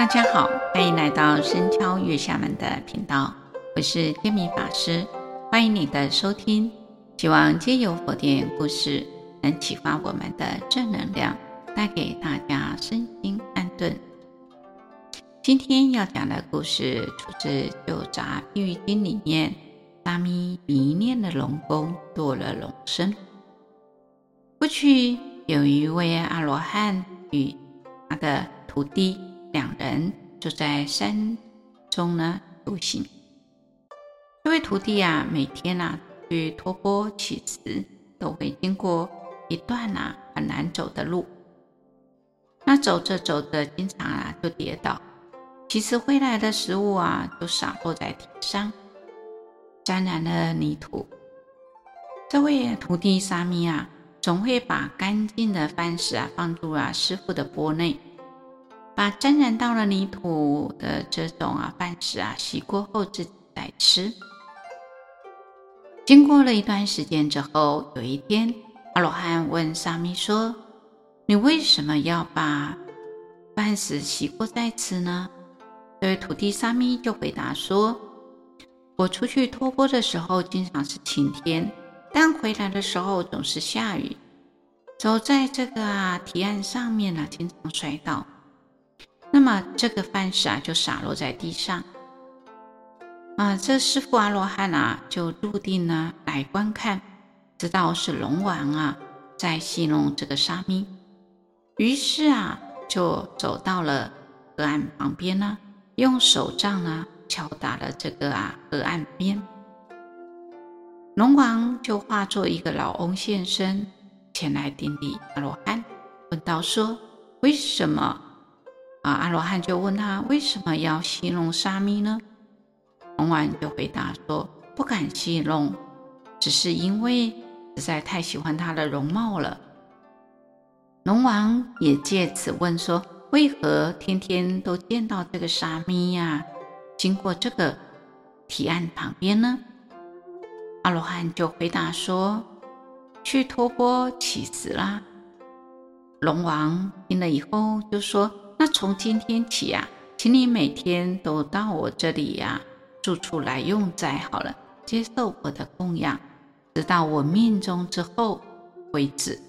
大家好，歡迎來到僧敲月下門的頻道，我是天明法師，歡迎你的收聽。希望藉由佛典故事能啟發我們的正能量，帶給大家身心安頓。今天要講的故事出自《舊雜譬喻經》裡面，沙彌迷戀的龍宮墮了龍身。過去有一位阿羅漢與他的徒弟。兩人就在山中呢修行。這位徒弟啊，每天吶、啊、去托缽乞食，都會經過一段吶、啊、很難走的路。那走着走着，經常啊就跌倒，乞食回來的食物啊都灑落在地上，沾染了泥土。這位徒弟沙彌啊，總會把乾淨的飯食啊放入啊師父的缽內。把沾染到了泥土的這種啊飯食啊洗過後自己再吃。經過了一段時間之後，有一天阿羅漢問沙彌說：“你為什麼要把飯食洗過再吃呢？”這位徒弟沙彌就回答說：“我出去托缽的時候經常是晴天，但回來的時候總是下雨，走在這個、啊、堤岸上面呢、啊，經常摔倒。”那麼這個飯食啊，就灑落在地上，啊，這師父阿羅漢啊，就入定呢來觀看，知道是龍王啊在戲弄這個沙彌，於是啊，就走到了河岸旁邊呢，用手杖呢敲打了這個啊河岸邊，龍王就化作一個老翁現身，前來頂禮阿羅漢，問道說：為什麼？啊！阿羅漢就問他為什麼要戲弄沙彌呢？龍王就回答說：“不敢戲弄，只是因為實在太喜歡他的容貌了。”龍王也借此問說：“為何天天都見到這個沙彌呀、啊？經過這個堤岸旁邊呢？”阿羅漢就回答說：“去托缽乞食啦。”龍王聽了以後就說。那從今天起呀、啊，請你每天都到我這裡呀、啊、住處來用齋好了，接受我的供養，直到我命終之後為止。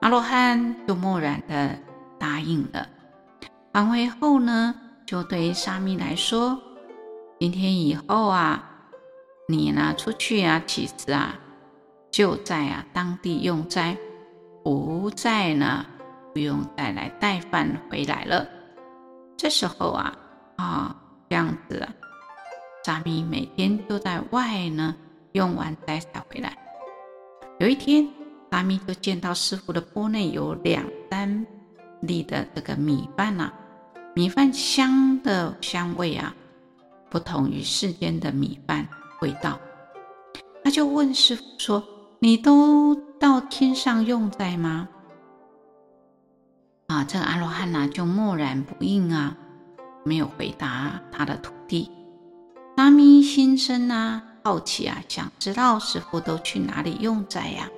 阿羅漢就默然的答應了。返回後呢，就對沙彌來說，今天以後啊，你呢出去啊，乞食啊，就在啊當地用齋，不再呢。不用再來帶飯回來了。這時候啊啊，這樣子啊，沙彌每天都在外呢，用完齋才回來。有一天，沙彌就見到師父的鉢內有兩三粒的這個米飯啊，米飯香的香味啊，不同於世間的米飯味道。他就問師父說：“你都到天上用齋嗎？”啊，這個阿羅漢吶、啊，就默然不應啊，沒有回答他的徒弟。沙彌心生啊好奇啊，想知道師父都去哪裡用齋呀、啊？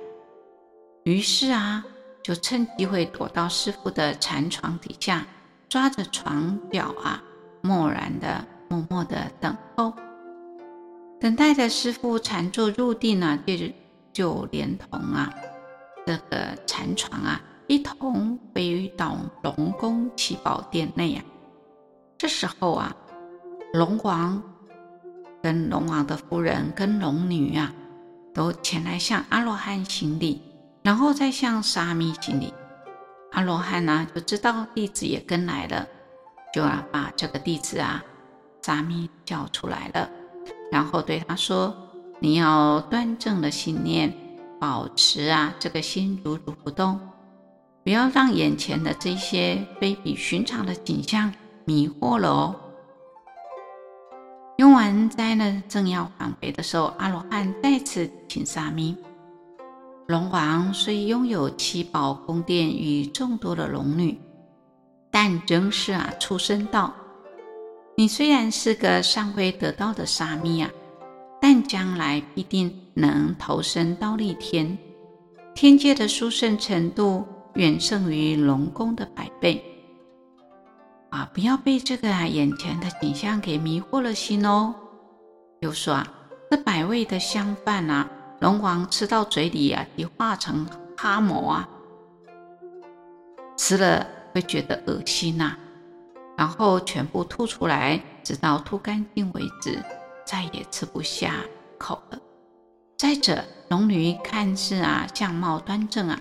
於是啊，就趁機會躲到師父的禪床底下，抓着床腳啊，默然的、默默的等候，等待着師父禪坐入定呢，就就連同啊這個禪床啊。一同飛到龍宮七寶殿內呀，啊。這時候啊，龍王跟龍王的夫人跟龍女啊，都前來向阿羅漢行禮，然後再向沙彌行禮。阿羅漢呢，啊，就知道弟子也跟來了，就要，啊、把這個弟子啊，沙彌叫出來了，然後對他說：“你要端正的信念，保持啊，這個心如如不動。”不要讓眼前的這些非比尋常的景象迷惑了心。用完齋呢，正要返回的時候，阿羅漢再次請沙彌：龍王雖擁有七寶宮殿與眾多的龍女，但仍是啊畜生道。你雖然是個尚未得道的沙彌啊，但將來必定能投生忉利天，天界的殊勝程度。遠勝於龍宮的百倍啊！不要被這個啊眼前的景象給迷惑了心哦。就說啊，這百味的香飯啊，龍王吃到嘴裡啊，已化成蛤蟆啊，吃了會覺得惡心吶、啊，然後全部吐出來，直到吐乾淨為止，再也吃不下口了。再者，龍女看似啊相貌端正啊。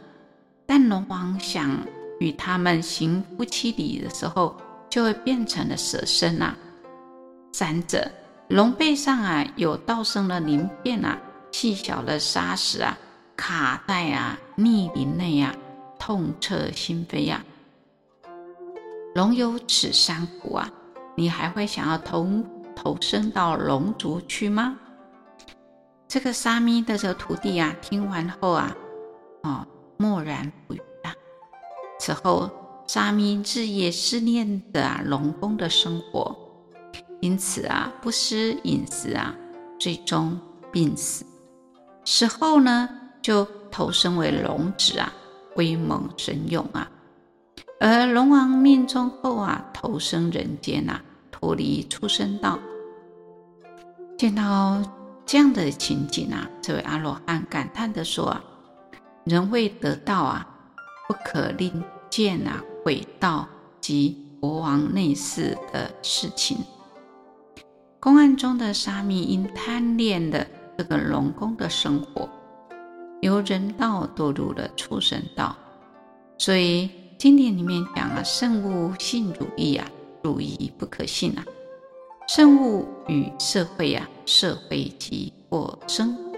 但龍王想與他們行夫妻禮的時候，就會變成了蛇身啊。三者，龍背上啊有倒生的鱗片啊，細小的沙石啊，卡帶啊，逆鱗內呀，痛徹心扉呀啊。龍有此三苦啊，你還會想要投投身到龍族去嗎？這個沙彌的這個徒弟啊，聽完後啊，哦。默然不語啊！此後，沙彌日夜思念着龍宮的生活，因此啊，不思飲食啊，最終病死。死後呢，就投生為龍子啊，威猛神勇啊。而龍王命終後啊，投生人間吶、啊，脫離畜生道。見到這樣的情景啊，這位阿羅漢感嘆地說、啊。人未得道啊，不可令見啊，鬼道及國王內事的事情。公案中的沙彌因貪戀的這個龍宮的生活，由人道墮入了畜生道。所以經典裡面講啊，慎勿信汝意啊，汝意不可信啊，慎勿與色會啊，色會即禍生。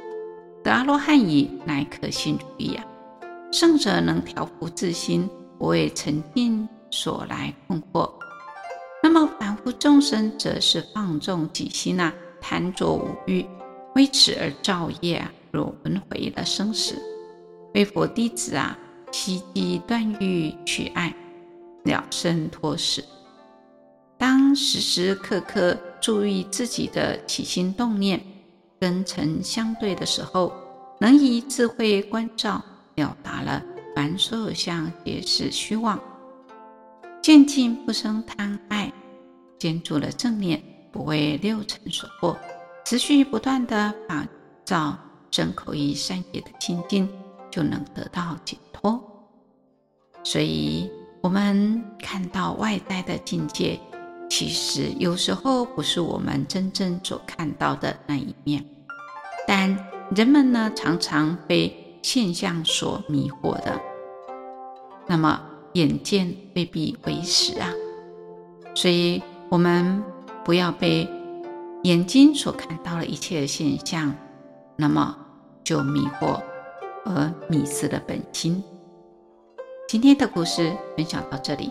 得阿羅漢已，乃可信汝意啊！聖者能調伏自心，不為塵境所來困惑；那麼凡夫眾生，則是放縱己心吶、啊，貪着五欲，為此而造業，啊，入輪回了生死。為佛弟子啊，希冀斷欲去愛，了生脫死。當時時刻刻注意自己的起心動念。根塵相對的時候，能以智慧觀照，了達了凡所有相皆是虛妄，見境不生貪愛，堅住了正念，不為六塵所惑，持續不斷地返照，身口意三業的清淨，就能得到解脫。所以，我們看到外在的境界。其實有時候不是我們真正所看到的那一面，但人們呢，常常被現象所迷惑的。那麼眼見未必為實啊，所以我們不要被眼睛所看到的一切的現象，那麼就迷惑而迷失了本心。今天的故事分享到這裡。